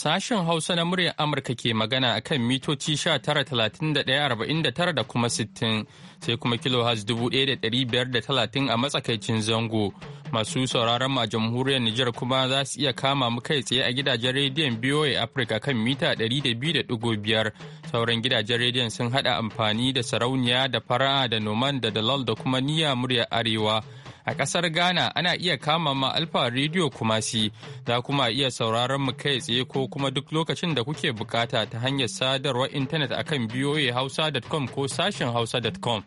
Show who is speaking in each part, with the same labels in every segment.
Speaker 1: Sashen Hausa na muryar Amurka ke magana a kan mitoci 19,31,49 da kuma 60 sai kuma kilohaz 1,530 a matsakaicin zango. Masu sauraron ma jamhuriyar Nijar kuma za su iya kama mu kai tsaye a gidajen rediyon BOA Afirka kan mita 200.5 sauran gidajen rediyon sun hada amfani da sarauniya da fara'a da noman da dalal da kuma niyya muryar arewa. A ƙasar Ghana ana iya kama ma Alfa Radio Kumasi, za kuma iya sauraron mu kai tsaye ko kuma duk lokacin da kuke bukata ta hanyar sadarwar intanet akan voahausa.com ko sashen hausa.com.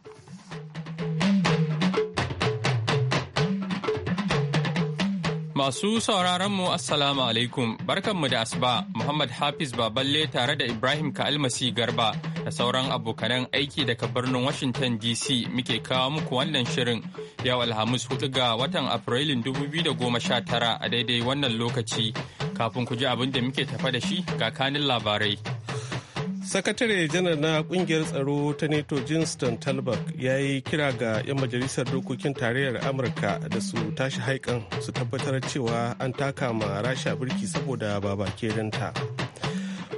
Speaker 1: Masu sauraronmu Assalamu alaikum barkanmu da asuba Muhammad Hafiz Baballe tare da Ibrahim Ka'almasi Garba da sauran abokanan aiki daga birnin Washington DC muke kawo muku wannan shirin yau Alhamis hudu ga watan Afrilun 2019 a daidai wannan lokaci kafin ku ji abin da muke tafa da shi ga kanin labarai.
Speaker 2: sakatare janar na kungiyar tsaro ta neto jinston talbot ya yi kira ga 'yan majalisar dokokin tarayyar amurka da su tashi haikan su tabbatar cewa an taka ma rasha birki saboda babakerinta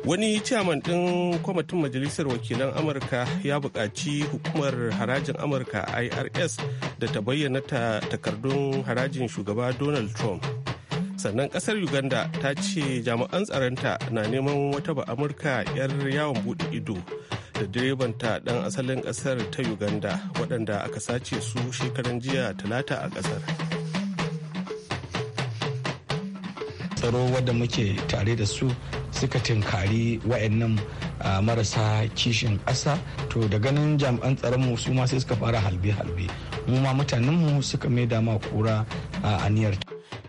Speaker 2: wani chairman ɗin kwamitin majalisar wakilan amurka ya buƙaci hukumar harajin amurka irs da ta bayyana takardun harajin shugaba donald trump sannan kasar uganda ta ce jami'an tsaronta na neman wata ba amurka 'yar yawon bude ido da direban ta dan asalin kasar ta uganda waɗanda aka sace su shekaran jiya talata a kasar
Speaker 3: tsaro wadda muke tare da su suka tinkari wa'annan marasa kishin ƙasa to da ganin jami'an tsaronmu su ma sai suka fara halbe-halbe mu ma mutanenmu suka maida dama kura a
Speaker 1: aniyar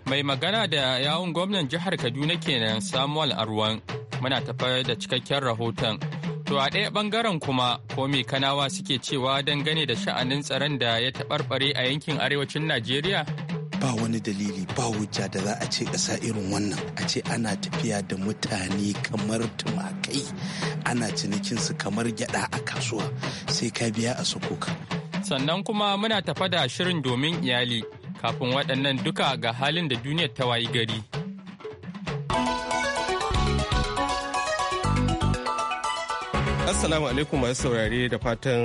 Speaker 1: mai magana da yawun gwamnan jihar kaduna kenan samuel arwan muna tafar da cikakken rahoton to a ɗaya ɓangaren kuma ko kanawa suke cewa dangane da sha'anin tsaron da ya taɓarɓare a yankin arewacin najeriya ba
Speaker 4: wani dalili ba hujja da za a ce ƙasa irin wannan a ce ana tafiya da mutane kamar tumakai ana cinikinsu kamar gyada a kasuwa sai ka biya a sokoka
Speaker 1: sannan kuma muna tafa da shirin domin iyali kafin waɗannan duka ga halin da duniyar ta wayi gari.
Speaker 2: Assalamu alaikum masu saurare da fatan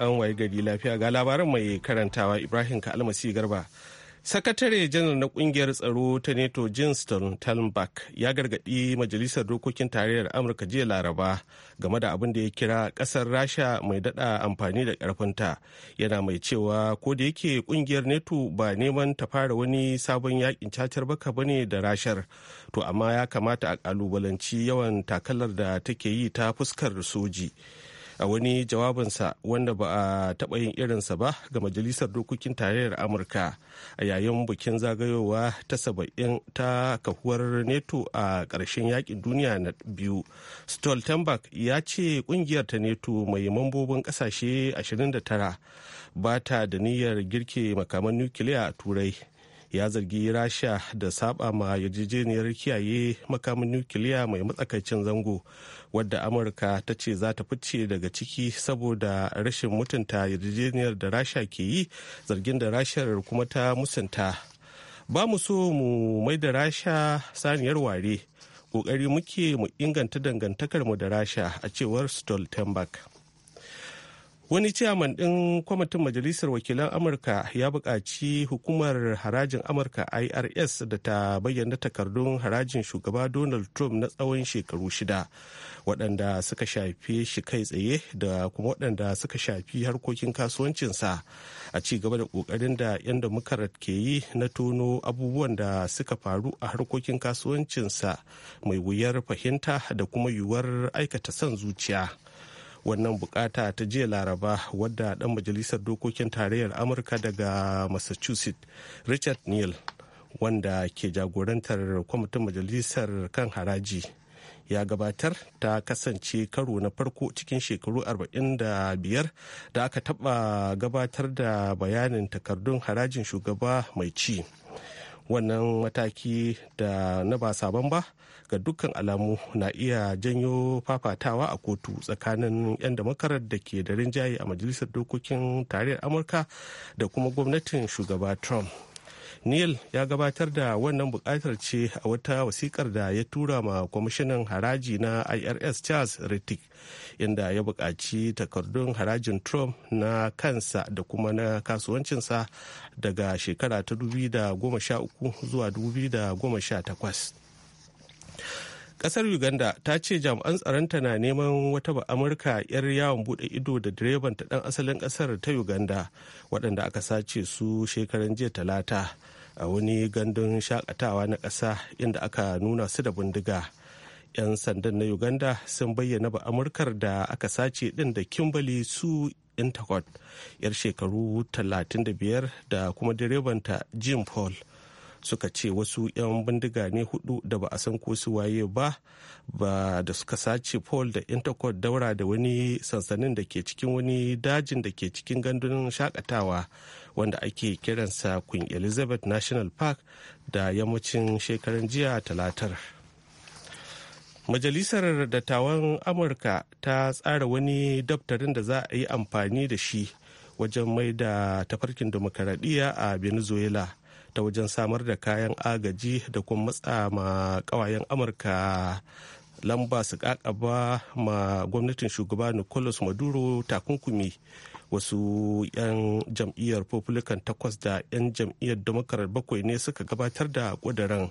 Speaker 2: an wayi gari lafiya ga labaran mai karantawa Ibrahim Kalmasi Garba. sakatare janar na kungiyar tsaro ta neto jinston talmbach ya gargadi majalisar dokokin tarayyar amurka jiya laraba game da abin da ya kira ƙasar rasha mai daɗa amfani da karfinta yana mai cewa ko da yake kungiyar neto ba neman ta fara wani sabon yakin cacar baka ba ne da rashar to amma ya kamata a ƙalubalanci yawan takalar da take yi ta fuskar soji. a wani jawabinsa wanda ba a taɓa yin irinsa ba ga majalisar dokokin tarayyar amurka a yayin bikin zagayowa ta saba'in ta kahuwar neto a ƙarshen yakin duniya na biyu stoltenberg ya ce ƙungiyar ta neto mai mambobin ƙasashe 29 ba ta da niyyar girke makaman nukiliya a turai ya zargi rasha da saba ma yarjejeniyar kiyaye makamin nukiliya mai matsakaicin zango wadda amurka ta ce za ta fice daga ciki saboda rashin mutunta yarjejeniyar da rasha ke yi zargin da rashar kuma ta musanta ba mu so mu mai da rasha saniyar ware kokari muke mu inganta dangantakarmu da rasha a cewar stoltenberg wani ciyaman ɗin kwamitin majalisar wakilan amurka ya buƙaci hukumar harajin amurka irs da ta bayyana takardun harajin shugaba donald trump na tsawon shekaru shida waɗanda suka shafi shi kai tsaye da kuma waɗanda suka shafi harkokin kasuwancinsa a ci gaba da ƙoƙarin da 'yan demokarat ke yi na tono abubuwan da suka faru a harkokin kasuwancinsa mai wuyar fahimta da kuma yiwuwar aikata son zuciya. wannan bukata ta jiya laraba wadda dan majalisar dokokin tarayyar amurka daga massachusetts richard neal wanda ke jagorantar kwamitin majalisar kan haraji ya gabatar ta kasance karo na farko cikin shekaru 45 da aka taba gabatar da bayanin takardun harajin shugaba mai ci. wannan mataki da na ba sabon ba ga dukkan alamu na iya janyo fafatawa a kotu tsakanin 'yan damakarar da ke da rinjaye a majalisar dokokin tarayyar amurka da kuma gwamnatin shugaba trump neil ya gabatar da wannan bukatar ce a wata wasikar da ya tura ma kwamishinan haraji na irs charles rittig inda ya buƙaci takardun harajin trump na kansa da kuma na kasuwancinsa daga shekara ta 2013 zuwa 2018 kasar uganda ta ce jami'an tsaronta na neman wata amurka 'yar yawon bude ido da direban ta dan asalin kasar ta uganda waɗanda aka sace su shekaran jiya talata a wani gandun shakatawa na ƙasa inda aka nuna su da bindiga 'yan sandan na uganda sun bayyana ba amurkar da aka sace ɗin da kimberly su intakot 'yar shekaru 35 da kuma direbanta jim paul suka ce wasu 'yan bindiga ne hudu da ba a san ko su waye ba ba da suka sace paul da intercourt daura da wani sansanin da ke cikin wani dajin da ke cikin gandun shakatawa wanda ake kiransa queen elizabeth national park da yammacin shekaran jiya talatar majalisar dattawan amurka ta tsara wani daftarin da za a yi amfani da shi wajen mai da tafarkin demokaradiyya a venezuela ta wajen samar da kayan agaji da kuma matsa ma kawayen amurka lamba su kakaba ma gwamnatin shugaba nicolas maduro takunkumi wasu 'yan jam'iyyar republican takwas da 'yan jam'iyyar democrat bakwai ne suka gabatar da kudirin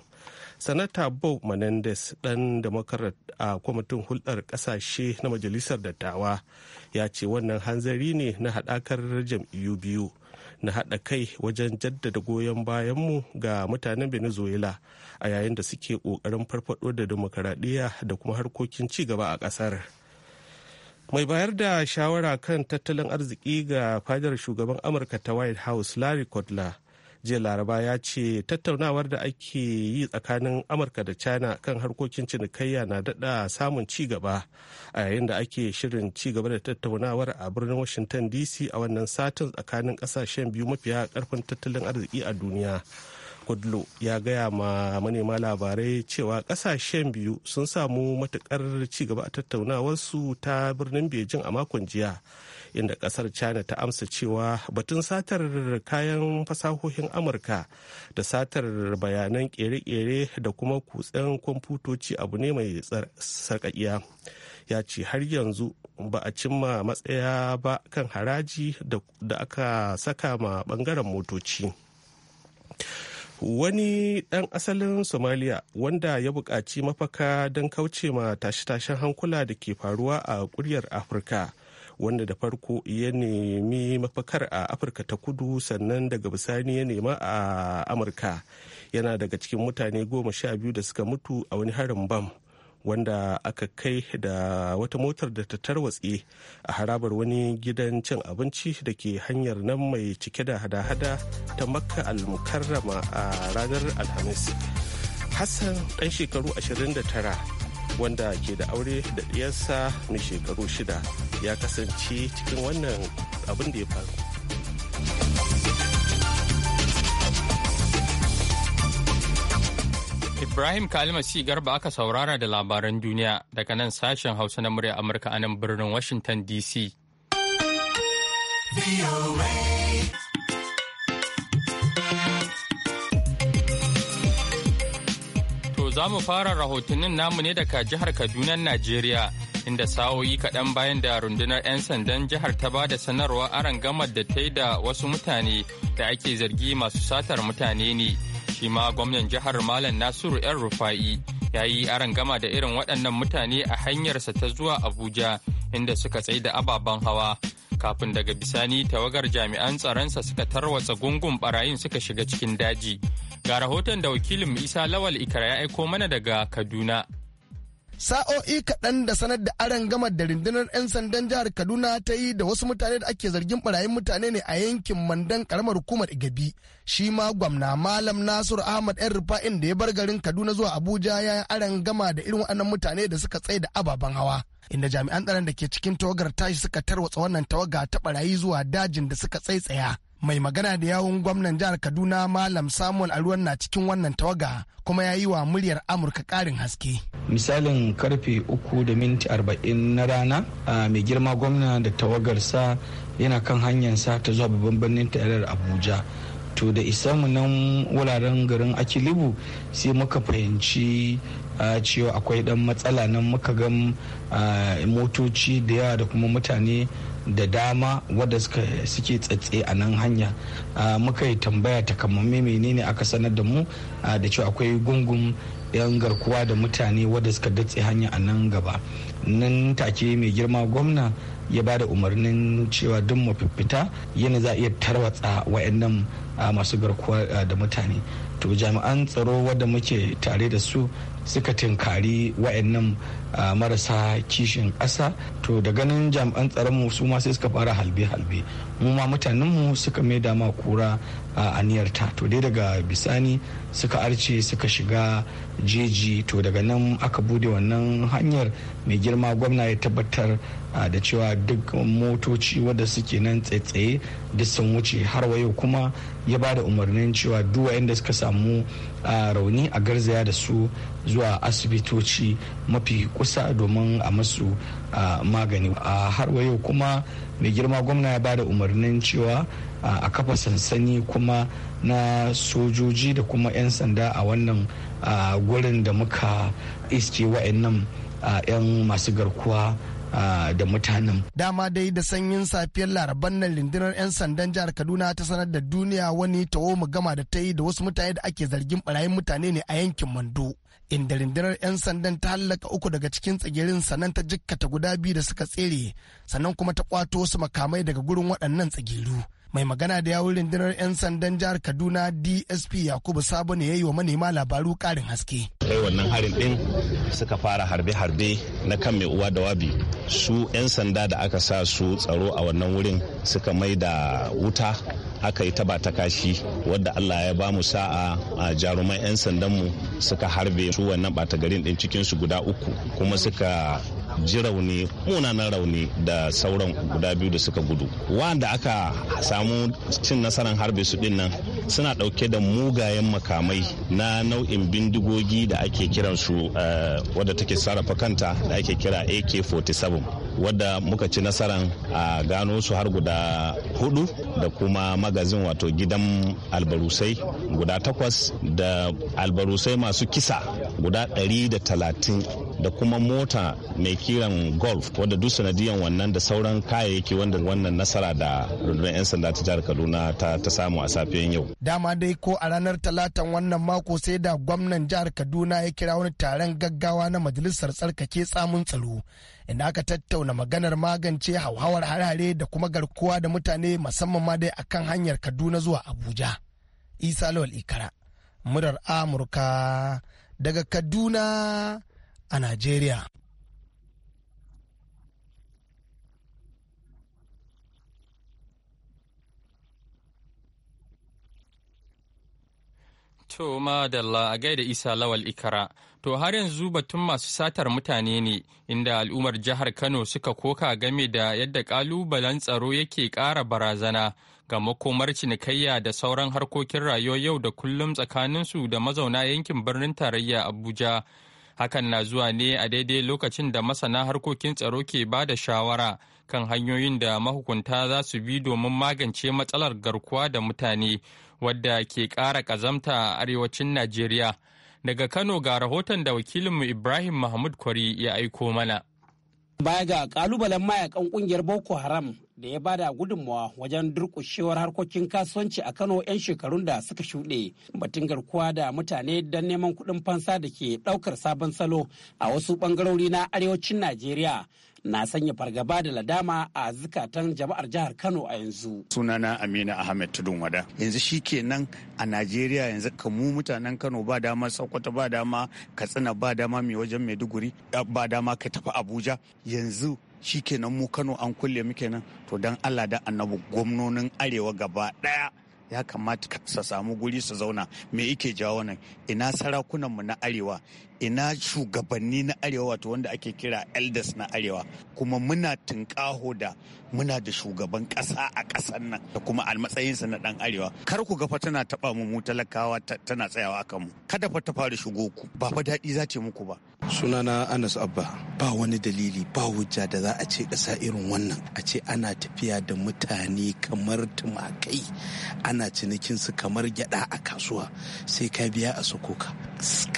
Speaker 2: sanata bob menendez dan democrat a kwamitin hulɗar ƙasashe na majalisar dattawa ya ce wannan hanzari ne na haɗakar jam'iyyu biyu na haɗa kai wajen jaddada goyon bayanmu ga mutanen venezuela a yayin da suke ƙoƙarin farfaɗo da demokaradiyya da kuma harkokin ci gaba a ƙasar mai bayar da shawara kan tattalin arziki ga fadar shugaban amurka ta white house larry kudlow jiya laraba ya ce tattaunawar da ake yi tsakanin amurka da china kan harkokin cinikayya na dada samun ci gaba a yayin da ake shirin ci gaba da tattaunawar a birnin washington dc a wannan satin tsakanin kasashen biyu mafiya karfin tattalin arziki a duniya kudlo ya gaya ma manema labarai cewa kasashen biyu sun samu matukar ci gaba a tattaunawarsu ta birnin beijing a makon jiya inda kasar china ta amsa cewa batun satar kayan fasahohin amurka da satar bayanan kere-kere da kuma kutsen kwamfutoci abu ne mai sarkakiya ya ce har yanzu ba a cimma matsaya ba kan haraji da aka saka ma bangaren motoci wani ɗan asalin somalia wanda ya buƙaci mafaka don kauce ma tashe-tashen hankula da ke faruwa a kuryar afirka wanda da farko ya nemi mafakar a afirka ta kudu sannan daga bisani ya nema a amurka yana daga cikin mutane goma sha biyu da suka mutu a wani harin bam wanda aka kai da wata motar da ta tarwatse a harabar wani gidan cin abinci da ke hanyar nan mai cike da hada-hada ta makka al-mukarrama a ranar alhamis hassan ɗan shekaru 29 wanda ke da aure da ɗiyarsa na shekaru shida ya kasance cikin wannan abin
Speaker 1: da ya faru. Ibrahim Kalima si garba aka saurara da labaran duniya daga nan sashen Hausa na murya Amurka a nan birnin Washington DC. za mu fara rahotannin namu ne daga jihar Kaduna, Najeriya, inda sa'o'i kaɗan bayan da rundunar 'yan sandan jihar ta ba da sanarwa aron gamar da ta yi da wasu mutane da ake zargi masu satar mutane ne. Shi ma gwamnan jihar Malam Nasiru 'yan Rufa'i ya yi aron gama da irin waɗannan mutane a hanyarsa ta zuwa Abuja, inda suka da ababen hawa. kafin daga bisani tawagar jami'an tsaronsa suka tarwatsa gungun barayin suka shiga cikin daji Ga rahoton da wakilin Isa Lawal Ikara ya aiko mana daga Kaduna.
Speaker 5: sa'o'i kaɗan da sanar da aran gama da rundunar 'yan sandan jihar kaduna ta yi da wasu mutane da ake zargin barayin mutane ne a yankin mandan karamar hukumar igabi shi ma gwamna malam nasur ahmad yan rufa'in da ya bar garin kaduna zuwa abuja ya yi aron gama da irin waɗannan mutane da suka tsaye da ababen hawa inda jami'an tsaron da ke cikin tawagar tashi suka tarwatsa wannan tawaga ta barayi zuwa dajin da suka tsaitsaya mai magana da yawun gwamnan jihar kaduna malam samuel aruwan na cikin wannan tawaga kuma ya yi wa muryar amurka karin haske
Speaker 3: misalin karfe uku da arba'in na rana mai girma gwamna da tawagarsa yana kan hanyarsa ta zuwa babban birnin tarayyar abuja to da isa mu nan wuraren garin akilibu sai muka fahimci cewa akwai dan matsala nan muka gan motoci da yawa da kuma mutane da dama wadda suke tsatse a nan hanya muka yi tambaya takamamme menene aka sanar da mu da cewa akwai gungun 'yan garkuwa da mutane wadda suka datse hanya a nan gaba nan take mai girma gwamna ya ba da umarnin cewa duk mafifita yana za a iya tarwatsa wa'annan ah, masu garkuwa ah, da mutane to jami'an tsaro wadda muke tare da su suka tinkari wa'annan ah, marasa kishin ƙasa to da ganin jami'an tsaronmu su ma sai suka fara halbe-halbe mu ma mutanenmu suka mai dama kura a niyarta to dai daga bisani suka arce suka shiga jeji to daga nan aka bude wannan hanyar mai girma gwamna ya tabbatar da cewa duk motoci wadda suke nan tsaye duk sun wuce har wayo kuma ya ba da umarnin cewa duk inda suka samu rauni a garzaya da su zuwa asibitoci mafi kusa domin a masu magani a har wayo kuma mai girma gwamna ya ba da umarnin cewa a kafa sansani kuma na sojoji da kuma 'yan sanda a wannan gurin da muka iske wa'annan 'yan masu garkuwa da mutanen.
Speaker 5: Dama dai da sanyin safiyar laraban nan lindinar 'yan sandan jihar Kaduna ta sanar da duniya wani tawo gama da ta yi da wasu mutane da ake zargin barayin mutane ne a yankin Mando. Inda lindinar 'yan sandan ta hallaka uku daga cikin tsagirin sannan ta jikkata guda biyu da suka tsere sannan kuma ta kwato wasu makamai daga gurin waɗannan tsagiru. mai magana da yawun rundunar 'yan sandan jihar kaduna dsp yakubu sabo ne ya yi wa manema labaru karin haske
Speaker 6: kai wannan harin din suka fara harbe-harbe na kan mai uwa da wabi su 'yan sanda da aka sa su tsaro a wannan wurin suka mai da wuta aka yi ba ta kashi wadda allah ya ba mu sa'a a jaruman 'yan sandanmu suka harbe su wannan bata garin din cikin su guda uku kuma suka ji rauni munanan rauni da sauran guda biyu da suka gudu wanda aka samu cin nasarar harbe su din suna ɗauke da mugayen makamai na nau'in bindigogi da ake kiransu eh, wadda take sarrafa kanta da ake kira ak-47 wadda muka ci nasaran a gano su har guda hudu da kuma magazin wato gidan albarusai guda takwas da albarusai masu kisa guda talatin. da kuma mota mai kiran golf wadda duk sanadiyan wannan da sauran kayayyaki wanda wannan nasara da rundunar 'yan sanda ta jihar kaduna ta, samu a safiyan yau
Speaker 5: dama dai ko a ranar talatan wannan mako sai da gwamnan jihar kaduna ya kira wani taron gaggawa na majalisar tsarkake tsamun tsaro ina ka tattauna maganar magance hauhawar harare da kuma garkuwa da mutane musamman ma dai akan hanyar kaduna zuwa abuja isa lawal ikara murar amurka daga kaduna a Najeriya.
Speaker 1: To madalla a gaida Isa Lawal Ikara. To har yanzu batun masu satar mutane ne inda al'ummar jihar Kano suka koka game da yadda kalubalen tsaro yake ƙara barazana ga makomar cinikayya da sauran harkokin rayuwar yau da kullum tsakaninsu da mazauna yankin birnin tarayya Abuja hakan na zuwa ne a daidai lokacin da masana harkokin tsaro ke ba da shawara kan hanyoyin da mahukunta za su bi domin magance matsalar garkuwa da mutane wadda ke ƙara ƙazamta a arewacin najeriya daga kano ga rahoton da wakilinmu ibrahim mahmud kwari ya aiko mana
Speaker 7: Baya ga kalubalen mayakan kungiyar Boko Haram da ya bada gudunmawa wajen durkushewar harkokin kasuwanci a Kano 'yan shekarun da suka shuɗe batun garkuwa da mutane don neman kuɗin fansa da ke ɗaukar sabon salo a wasu ɓangarori na arewacin Najeriya na sanya fargaba da ladama a zukatan jama'ar jihar Kano a yanzu.
Speaker 6: Sunana Amina Ahmed Tudun Wada. Yanzu shi a Najeriya yanzu ka mu mutanen Kano ba dama Sokoto ba dama Katsina ba dama mai wajen Maiduguri ba dama ka tafi Abuja yanzu shi kenan mu Kano an kulle muke nan to dan Allah da annabu gwamnonin arewa gaba daya ya kamata su samu guri su zauna me yake jawo nan ina sarakunanmu na arewa ina shugabanni na arewa wato wanda ake kira elders na arewa kuma muna tunƙaho da muna da shugaban ƙasa a ƙasar nan da kuma a matsayinsa na ɗan arewa kar ku ga fa tana taɓa mu mu talakawa tana tsayawa a mu kada fa ta fara shigo ku ba
Speaker 4: fa daɗi za ta muku ba sunana anas abba ba wani dalili ba hujja da za a ce ƙasa irin wannan a ce ana tafiya da mutane kamar tumakai ana cinikinsu kamar gyada a kasuwa sai ka biya a sokoka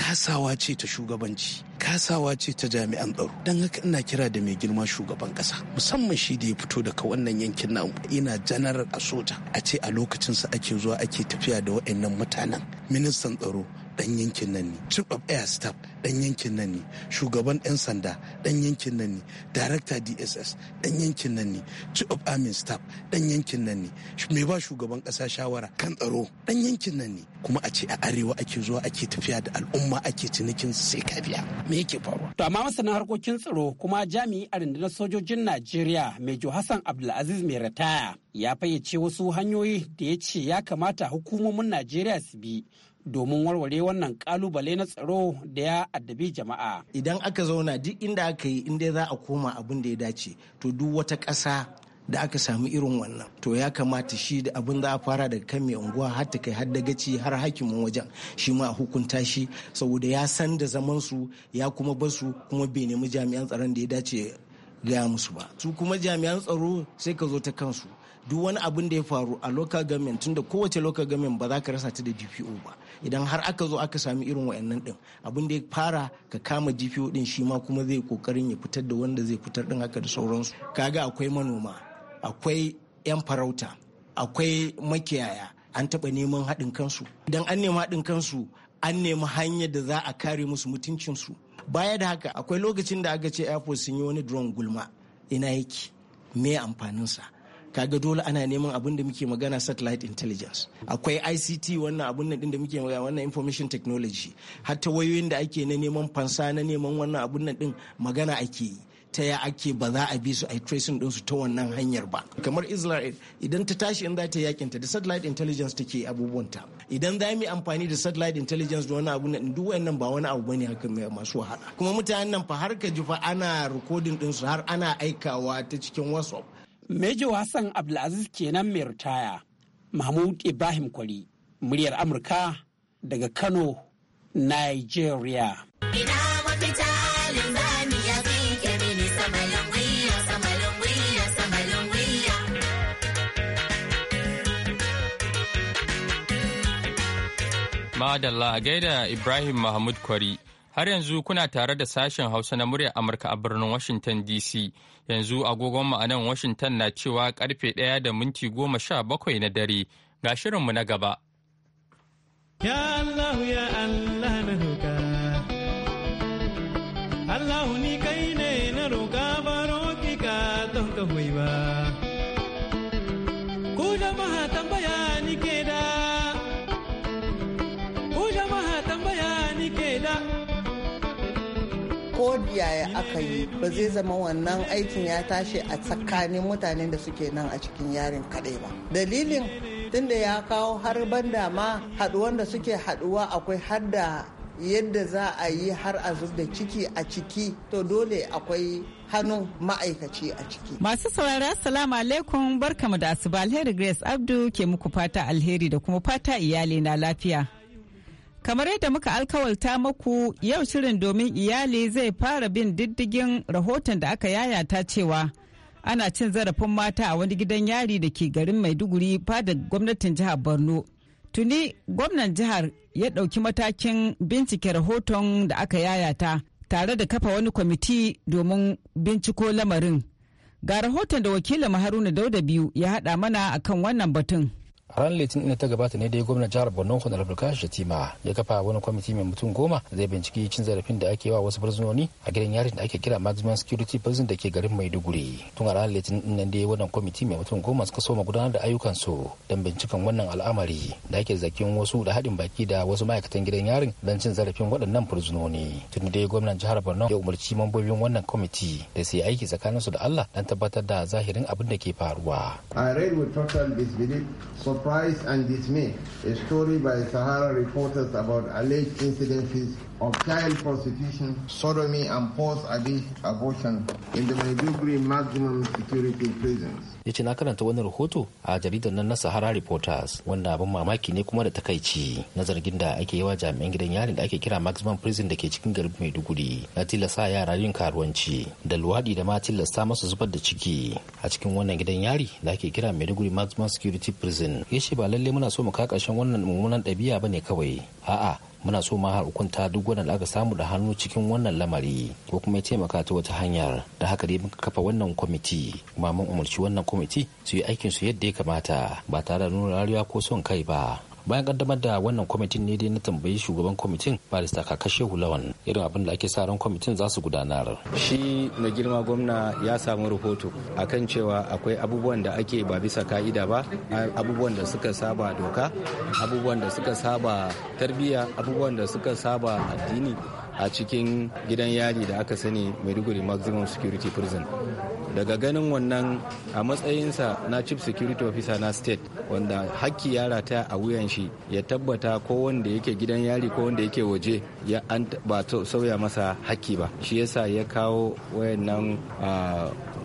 Speaker 4: kasawa ce ta shugabanci kasawa ce ta jami'an tsaro don haka ina kira da mai girma shugaban kasa musamman shi da ya fito daga wannan yankin na ina janar a soja a ce a lokacinsa ake zuwa ake tafiya da waɗannan mutanen ministan tsaro dan yankin nan ne chief of air staff dan yankin nan ne shugaban yan sanda dan yankin nan ne director dss dan yankin nan ne chief of army staff dan yankin nan ne mai ba shugaban ƙasa shawara kan tsaro dan yankin nan ne kuma a ce a arewa ake
Speaker 7: zuwa ake tafiya da al'umma ake cinikin sai kafiya me yake faruwa to amma masana harkokin tsaro kuma jami'i a rundunar sojojin najeriya Major hassan abdulaziz mai rataya ya fayyace wasu hanyoyi da ya ce ya kamata hukumomin najeriya su bi domin warware wannan kalubale na tsaro da ya addabi jama'a. Idan aka zauna duk inda aka yi inda za a koma abin da ya dace to duk wata ƙasa da aka samu irin wannan to ya kamata shi da abin za a fara daga kan mai unguwa har ta kai har gaci har hakimin wajen shi ma a hukunta shi saboda ya san da zaman su ya kuma basu kuma bai nemi jami'an tsaron da ya dace gaya musu ba su kuma jami'an tsaro sai ka zo ta kansu duk wani abin da ya faru a local government tunda kowace local government ba za ka rasa ta da DPO ba idan har aka zo aka sami irin wayannan din abin da ya fara ka kama DPO din shi ma kuma zai kokarin ya fitar da wanda zai fitar din haka da sauransu kaga akwai manoma akwai yan farauta akwai makiyaya an taba neman haɗin kansu idan an nemi haɗin kansu an nemi hanyar da za a kare musu mutuncinsu baya da haka akwai lokacin da aka ce airport sun yi wani drone gulma ina yake me amfaninsa kaga dole ana neman abin da muke magana satellite intelligence akwai ICT wannan abin nan din da muke magana wannan information technology hatta wayoyin da ake na neman fansa na neman wannan abin nan din magana ake yi ta ya ake ba za a bi su a tracing ɗinsu ta wannan hanyar ba kamar israel idan ta tashi in za ta yakin ta da satellite intelligence take abubuwan ta idan za mu amfani da satellite intelligence da wani abu na duk wannan ba wani abu bane haka masu wahala kuma mutanen nan fa har ka ji fa ana recording ɗinsu har ana aikawa ta cikin whatsapp Major Hassan Abdulaziz kenan mai ritaya, Mahmud Ibrahim Kwari, muryar Amurka daga Kano, Nigeria.
Speaker 1: Madalla a gaida Ibrahim Mahmud Kwari. Har yanzu kuna tare da sashen Hausa na muryar Amurka a birnin Washington DC. Yanzu agogon mu a Washington na cewa karfe ɗaya da minti goma sha bakwai na dare. Ga shirinmu na gaba.
Speaker 8: Ya Allah ya Allah na roƙa. Allah ni kai ne na roƙa baro ki ka don ka ba.
Speaker 9: yaya aka yi ba zai zama wannan aikin ya tashi a tsakanin mutanen da suke nan a cikin yarin kaɗai ba dalilin tunda ya kawo har banda ma haɗuwan da suke haɗuwa akwai har da yadda za a yi har a zub da ciki a ciki to dole akwai hannun ma'aikaci a ciki.
Speaker 10: Masu saurara salamu alaikum barkamu da asuba alheri Grace Abdu ke muku fata alheri da kuma fata iyali na lafiya. Kamar yadda muka alkawalta maku yau shirin domin iyali zai fara bin diddigin rahoton da aka yayata cewa ana cin zarafin mata a wani gidan yari da ke garin Maiduguri fada gwamnatin jihar Borno. Tuni gwamnan jihar ya ɗauki matakin bincike rahoton da aka yayata tare da kafa wani kwamiti domin binciko lamarin. Ga rahoton da wakilin Haruna Dauda biyu ya haɗa mana
Speaker 11: akan wannan batun. ranar litinin da ta gabata ne dai gwamnan jihar borno kwanar abdulkashi shatima ya kafa wani kwamiti mai mutum goma zai binciki cin zarafin da ake wa wasu barzunoni a gidan yarin da ake kira maximum security prison da ke garin maiduguri tun a ranar litinin nan dai wannan kwamiti mai mutum goma suka soma gudanar da ayyukan su don binciken wannan al'amari da ake zakin wasu da haɗin baki da wasu ma'aikatan gidan yarin don cin zarafin waɗannan barzunoni tun dai gwamnan jihar borno ya umarci mambobin wannan kwamiti da su yi aiki tsakaninsu da allah don tabbatar da zahirin abin da ke faruwa.
Speaker 5: I read with total
Speaker 7: disbelief, surprise and dismay, a story by Sahara reporters about
Speaker 11: alleged incidences of child prostitution, sodomy, and post abortion in the Maiduguri maximum security prisons. ya ce na karanta wani rahoto a jaridar nan na sahara reporters wanda abin mamaki ne kuma da takaici na zargin da ake yawa jami'an gidan yari da ake kira maximum prison da ke cikin garin maiduguri na tilasta yara yin karuwanci da luwaɗi da ma tilasta masu zubar da ciki a cikin wannan gidan yari da ake kira maiduguri maximum security prison ya ce ba lalle muna so mu ka wannan mummunan ɗabi'a ba ne kawai a'a muna so ma har hukunta duk wanda aka samu da hannu cikin wannan lamari ko kuma ya taimaka ta wata hanyar da haka dai muka kafa wannan kwamiti kuma mun umarci wannan kwamiti su yi aikin su yadda ya kamata ba tare da nuna rariya ko son kai ba bayan kaddamar da wannan kwamitin ne dai na tambayi shugaban kwamitin barista kakashe hulawan irin abin da ake sa ran kwamitin za su gudanar
Speaker 8: shi na girma gwamna ya samu rahoto akan cewa akwai abubuwan da ake ba bisa ka'ida ba abubuwan da suka saba doka abubuwan da suka saba tarbiyya abubuwan da suka saba addini a cikin gidan yari da aka sani maiduguri maximum security prison daga ganin wannan a matsayinsa na chief security officer na state wanda hakki ya rata a wuyan shi ya tabbata ko wanda yake gidan yari ko wanda yake waje ya an ba sauya masa hakki ba shi yasa ya kawo wayannan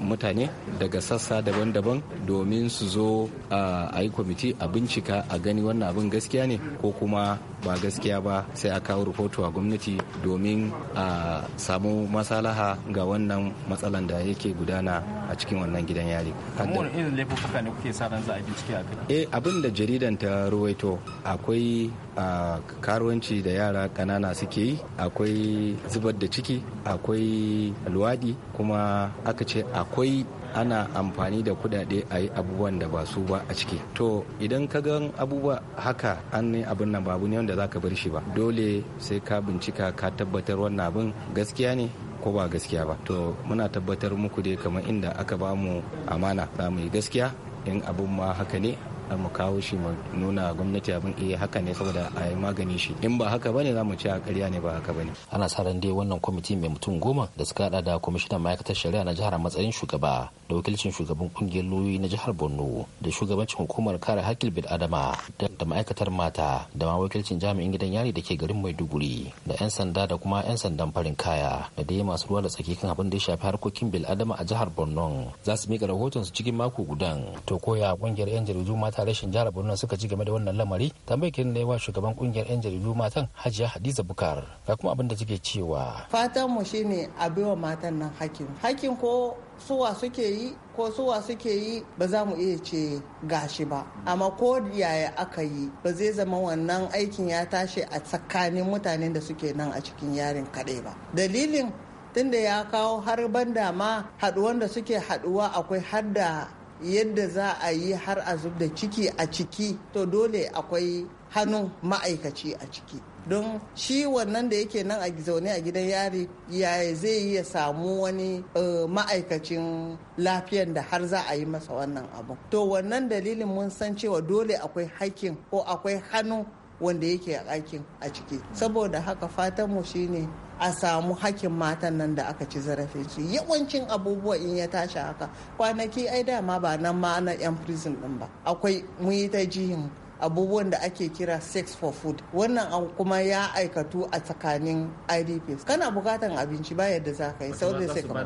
Speaker 8: mutane daga sassa daban-daban domin su zo a yi kwamiti a bincika a gani wannan abin gaskiya ne ko kuma ba gaskiya ba sai a kawo rahoto a gwamnati domin domin a samu masalaha ga wannan matsalan da yake gudana a cikin wannan gidan yari. Kamar
Speaker 11: irin laifuka ne kuke sa ran za a bincike a kai?
Speaker 8: Eh abin da jaridan ta ruwaito akwai a karuwanci da yara kanana suke yi akwai zubar da ciki akwai luwadi kuma aka ce akwai ana amfani da kudade a yi abubuwan da ba su ba a ciki to idan ka gan abubuwa haka an ne abin nan babu ne wanda za ka bar shi ba dole sai ka bincika ka tabbatar wannan abin gaskiya ne ko ba gaskiya ba to muna tabbatar muku dai kamar inda aka ba mu amana za mu yi gaskiya in abin ma haka ne mu kawo shi mu nuna gwamnati abin iya eh, haka ne saboda a yi magani shi in ba haka
Speaker 11: bane za mu ci a
Speaker 8: karya ne ba haka bane
Speaker 11: ana sa ran dai wannan kwamiti mai mutum goma da suka hada da kwamishinan ma'aikatar shari'a na jihar matsayin shugaba da wakilcin shugaban kungiyar lauyoyi na jihar borno da shugabancin hukumar kare hakkin bil adama da ma'aikatar mata da ma wakilcin jami'in gidan yari da ke garin maiduguri da 'yan sanda da kuma 'yan sandan farin kaya da dai masu ruwa da tsaki kan abin da ya shafi harkokin bil adama a jihar borno za su mika rahoton su cikin mako gudan to koya kungiyar 'yan jaridu mata reshen jihar borno suka ji game da wannan lamari tambayar kin ne wa shugaban kungiyar yan jaridu matan hajiya hadiza bukar ga kuma abin da take cewa
Speaker 9: fatan mu shine a baiwa matan nan hakkin hakkin ko suwa suke yi ko suwa suke yi ba za mu iya ce gashi ba amma ko yaya aka yi ba zai zama wannan aikin ya tashi a tsakanin mutanen da suke nan a cikin yarin kaɗai ba dalilin tunda ya kawo har banda ma haɗuwan da suke haɗuwa akwai har da yadda za a yi har a zub da ciki a ciki to dole akwai hannu ma'aikaci a ciki don shi wannan da yake nan a zaune a gidan yari ya zai yi ya samu wani eh, ma'aikacin lafiyan da har za a yi masa wannan abu to wannan dalilin mun san cewa dole akwai hakkin ko akwai hannu wanda yake a ɗakin a ciki saboda haka fatanmu shine a samu hakkin matan nan da aka ci zarafin su yawancin abubuwa in ya tashi haka kwanaki ai dama ba nan ma na yan prison din ba akwai mu yi ta jihin abubuwan da ake kira sex for food wannan kuma ya aikatu a tsakanin idps kana bukatan abinci ba yadda za ka yi sau da sai kama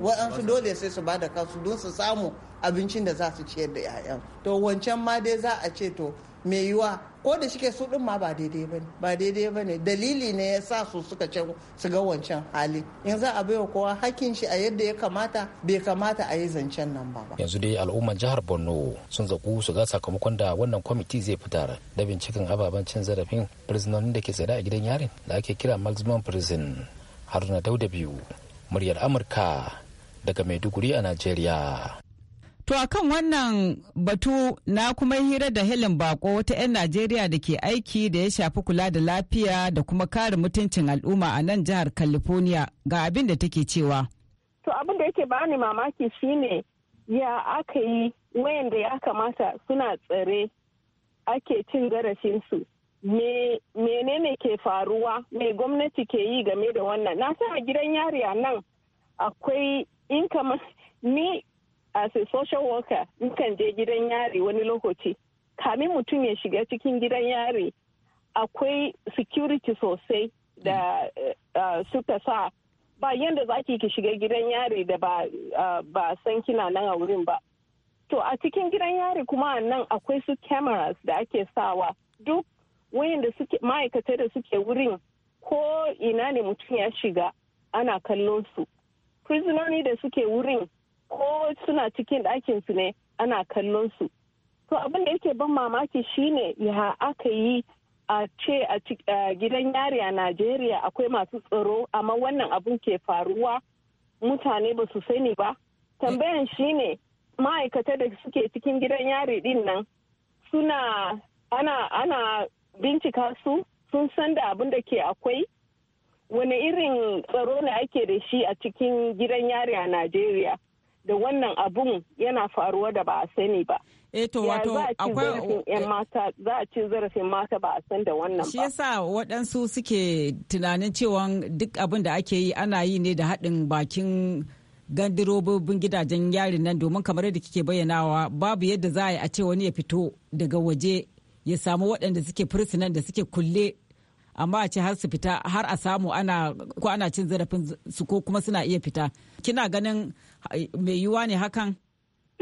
Speaker 9: waɗansu dole sai su bada kansu don su samu abincin da za su ciyar da 'ya'yan to wancan ma dai za a ce to mai yiwa ko da shike su din ma ba daidai ba ne ba daidai ba ne dalili ne ya sa su suka can su ga wancan hali in za a baiwa kowa hakkin shi a yadda ya kamata bai kamata a yi zancen nan ba
Speaker 11: yanzu dai al'ummar jihar borno sun zaku su ga sakamakon da wannan kwamiti zai fitar da binciken ababen cin zarafin prisonin da ke tsada a gidan yarin da ake kira maximum prison haruna dauda biyu muryar amurka daga maiduguri a najeriya
Speaker 10: To a kan wannan batu na kuma hira da Helen Bako wata 'yan Najeriya da ke aiki da ya shafi kula da lafiya da kuma kare mutuncin al'umma a nan jihar California ga abin da take cewa.
Speaker 12: To abin da yake bani mamaki shine ya aka yi wayanda ya kamata suna tsare ake cin me Menene ke faruwa? Me gwamnati ke yi game da wannan? Na sa gidan yari a nan akwai in ni as a social worker mukan je gidan yari wani lokaci kamin mutum ya shiga cikin gidan yari akwai security sosai da eh, eh, suka sa ba yadda za ki shiga gidan yari da eh, ba san kina nan a wurin ba to a cikin gidan yari kuma nan akwai su cameras da ake sawa duk wayanda suke ma'aikata da suke wurin ko ina ne mutum ya shiga ana kallon su prisoners da suke wurin ko suna cikin ɗakin su ne ana kallon su to abin da yake ban mamaki shine ya aka yi a ce a gidan yari a najeriya akwai masu tsaro amma wannan abun ke faruwa mutane ba su sani ba tambayan shine ma'aikata da suke cikin gidan yari din nan suna ana ana bincika su sun san da abin da ke akwai wani irin tsaro ne ake da shi a cikin gidan yari a najeriya da wannan abun yana faruwa da ba a sani ba. E to wato akwai eh. mata za a ci zarafin mata ba a san da wannan ba. Shi
Speaker 10: yasa waɗansu suke tunanin cewa duk abin da ake yi ana yi ne da haɗin bakin gandirobobin gidajen yarin nan domin kamar yadda kike bayyanawa babu yadda za a yi a ce wani ya fito daga waje ya samu waɗanda suke fursunan da suke kulle amma a ce har su fita har a samu ana ko ana cin zarafin su ko kuma suna iya fita kina ganin mai yiwuwa ne hakan?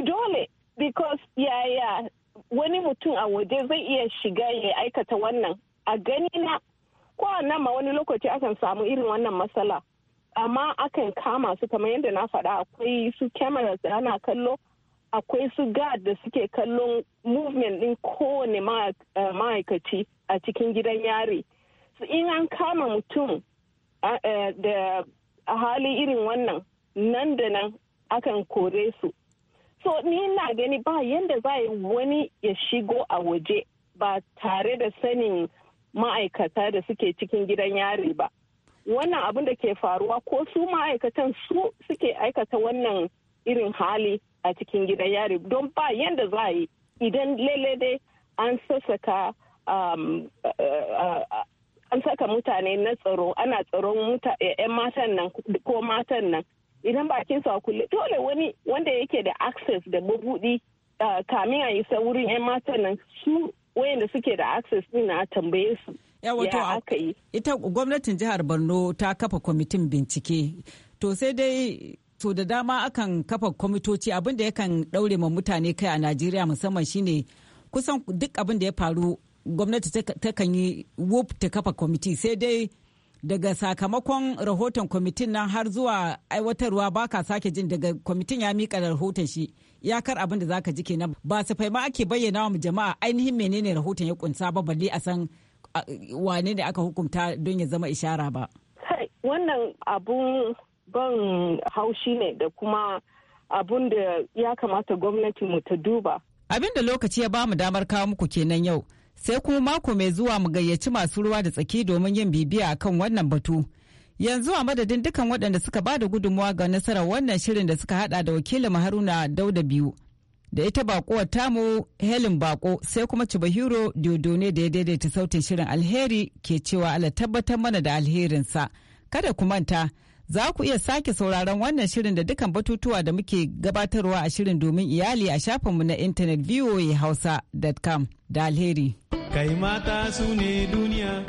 Speaker 12: Dole, because yaya wani mutum a waje zai iya shiga ya aikata wannan a gani na a ma wani lokaci akan samu irin wannan matsala amma akan kama su kamar yadda na faɗa akwai su cameras da ana kallo akwai su guard da suke kallon movement ɗin kowane eh, ma'aikaci a cikin gidan yari su in an kama mutum eh, da hali irin wannan nan da nan akan kore su so ni na gani ba yanda za yi wani ya shigo a waje ba tare da sanin ma'aikata da suke cikin gidan yari ba wannan abin da ke faruwa ko su ma'aikatan su suke aikata wannan irin hali a cikin gidan yari don ba yadda za yi idan lele dai an sassaka um, an saka mutane na tsaro ana tsaron eh, 'yan matan nan ko matan nan idan bakin su a kulle dole wani wanda yake da access da mabudi kamin a isa wurin yan matan nan su wayanda suke da access din na tambaye su ya wato yi
Speaker 10: ita gwamnatin jihar borno ta kafa kwamitin bincike to sai dai to da dama akan kafa kwamitoci abinda da yakan daure ma mutane kai a najeriya musamman shine kusan duk abin da ya faru gwamnati ta kan yi wuf ta kafa kwamiti sai dai daga sakamakon rahoton kwamitin nan har zuwa aiwatarwa ba ka sake jin daga kwamitin ya mika rahoton shi iyakar abin da zaka ji kenan ba su faima ake bayyana wa jama'a ainihin menene rahoton ya kunsa ba balle a san wane ne aka hukunta don ya zama ishara ba
Speaker 12: wannan abun ban haushi ne da kuma abun da ya kamata gwamnati mu ta duba abin da lokaci
Speaker 10: ya bamu damar kawo muku kenan yau sai kuma mako mai zuwa mu gayyaci masu ruwa da tsaki domin yin bibiya akan wannan batu. Yanzu a madadin dukan waɗanda suka ba da gudunmawa ga nasarar wannan shirin da suka hada da wakilin Haruna Dauda biyu. Da ita bakuwar tamu Helen Bako sai kuma Cibahiro ne da ya daidaita sautin shirin alheri ke cewa Allah tabbatar mana da alherinsa. Kada ku manta. za ku iya sake sauraron wannan shirin da dukkan batutuwa da muke gabatarwa a shirin domin iyali a shafinmu na intanet voahausa.com da alheri. Kai
Speaker 8: mata su ne duniya.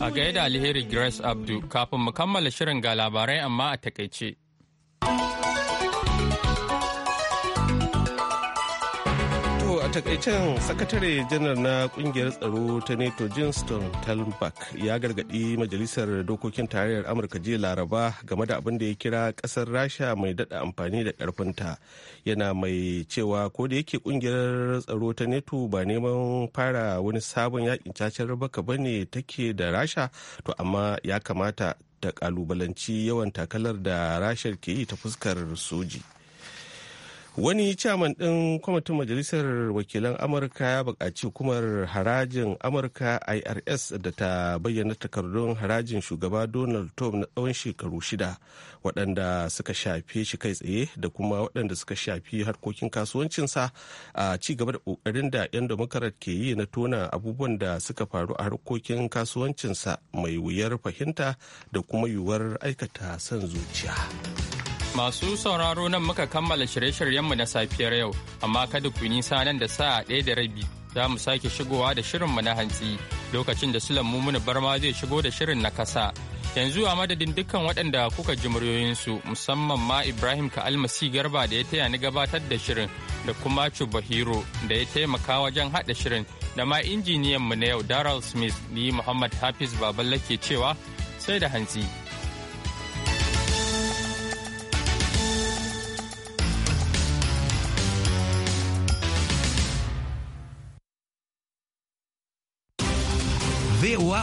Speaker 1: A gaida alheri Grace Abdu kafin mu kammala shirin ga labarai amma a takaice.
Speaker 2: takaicen sakatare janar na kungiyar tsaro ta neto jinston talmbach ya gargadi majalisar dokokin tarayyar amurka jiya laraba game da abin da ya kira kasar rasha mai dada amfani da karfinta yana mai cewa ko da yake kungiyar tsaro ta neto ba neman fara wani sabon yakin cacar ba ne take da rasha to amma ya kamata ta kalubalanci yawan takalar da rashar ke yi ta fuskar soji. wani caman ɗin kwamitin majalisar wakilan amurka ya bukaci hukumar harajin amurka irs da ta bayyana takardun harajin shugaba donald trump na tsawon shekaru shida waɗanda suka shafe shi kai tsaye da kuma waɗanda suka shafi harkokin kasuwancinsa a ci gaba da ƙoƙarin da 'yan demokarat ke yi na tona abubuwan da suka faru a harkokin kasuwancinsa mai wuyar fahimta da kuma yiwuwar aikata son zuciya.
Speaker 1: Masu sauraro nan muka kammala shirye-shiryenmu na safiyar yau, amma kada ku nisa nan da sa'a ɗaya da rabi za mu sake shigowa da shirinmu na hantsi lokacin da Sulan Mumunu Barma zai shigo da shirin na kasa. Yanzu a madadin dukkan waɗanda kuka ji muryoyinsu musamman ma Ibrahim Ka'almasi Garba da ya taya ni gabatar da shirin da kuma Bahiro da ya taimaka wajen haɗa shirin da ma mu na yau Daryl Smith ni Muhammad Hafiz Baballa ke cewa sai da hantsi.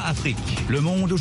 Speaker 4: Afrique. Le monde